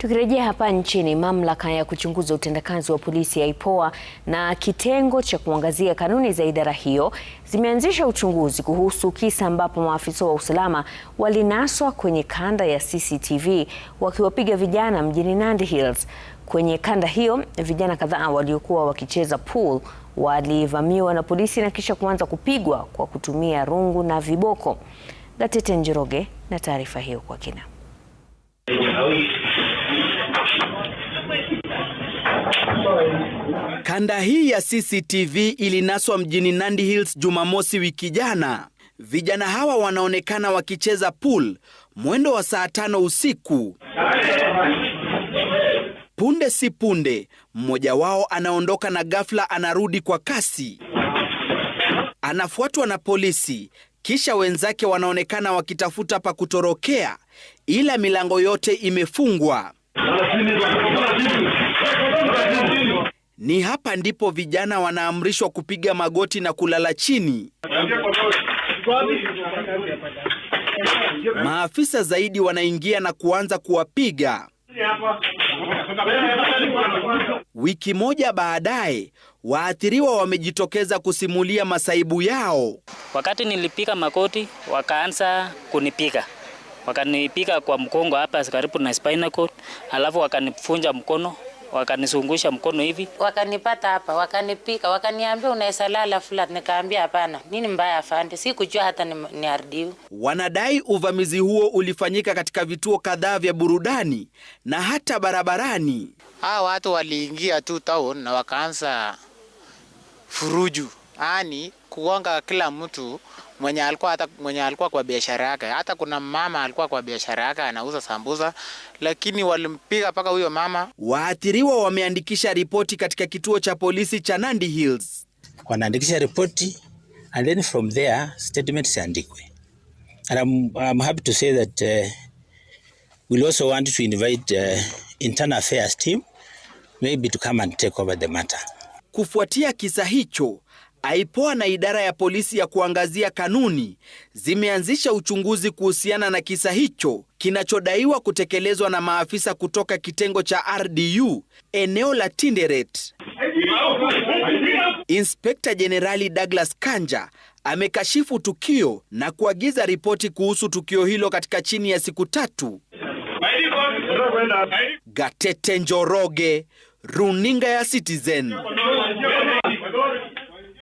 Tukirejea hapa nchini, mamlaka ya kuchunguza utendakazi wa polisi ya IPOA na kitengo cha kuangazia kanuni za idara hiyo zimeanzisha uchunguzi kuhusu kisa ambapo maafisa wa usalama walinaswa kwenye kanda ya CCTV wakiwapiga vijana mjini Nandi Hills. Kwenye kanda hiyo, vijana kadhaa waliokuwa wakicheza pool walivamiwa na polisi na kisha kuanza kupigwa kwa kutumia rungu na viboko. Gatete Njoroge na taarifa hiyo kwa kina. Kanda hii ya CCTV ilinaswa mjini Nandi Hills Jumamosi wiki jana. Vijana hawa wanaonekana wakicheza pool mwendo wa saa tano usiku. Punde si punde, mmoja wao anaondoka na ghafla anarudi kwa kasi, anafuatwa na polisi, kisha wenzake wanaonekana wakitafuta pa kutorokea, ila milango yote imefungwa. Ni hapa ndipo vijana wanaamrishwa kupiga magoti na kulala chini. Maafisa zaidi wanaingia na kuanza kuwapiga. Wiki moja baadaye, waathiriwa wamejitokeza kusimulia masaibu yao. Wakati nilipiga magoti, wakaanza kunipiga, wakanipiga kwa mkongo hapa karibu na spinal cord, alafu wakanifunja mkono wakanizungusha mkono hivi, wakanipata hapa, wakanipika, wakaniambia unaweza lala flat. Nikaambia hapana, nini mbaya afande, si kujua hata ardiu Wanadai uvamizi huo ulifanyika katika vituo kadhaa vya burudani na hata barabarani. Hawa watu waliingia tu town na wakaanza furuju, yani kugonga kila mtu mwenye alikuwa hata mwenye alikuwa kwa biashara yake. Hata kuna mama alikuwa kwa biashara yake anauza sambusa, lakini walimpiga mpaka huyo mama. Waathiriwa wameandikisha ripoti katika kituo cha polisi cha Nandi Hills, wanaandikisha ripoti and then from there statement ziandikwe and I'm, I'm happy to say that uh, we'll also want to invite uh, internal affairs team maybe to come and take over the matter. Kufuatia kisa hicho IPOA na idara ya polisi ya kuangazia kanuni zimeanzisha uchunguzi kuhusiana na kisa hicho kinachodaiwa kutekelezwa na maafisa kutoka kitengo cha RDU eneo la Tinderet. Inspekta Jenerali Douglas Kanja amekashifu tukio na kuagiza ripoti kuhusu tukio hilo katika chini ya siku tatu. Gatete Njoroge, Runinga ya Citizen.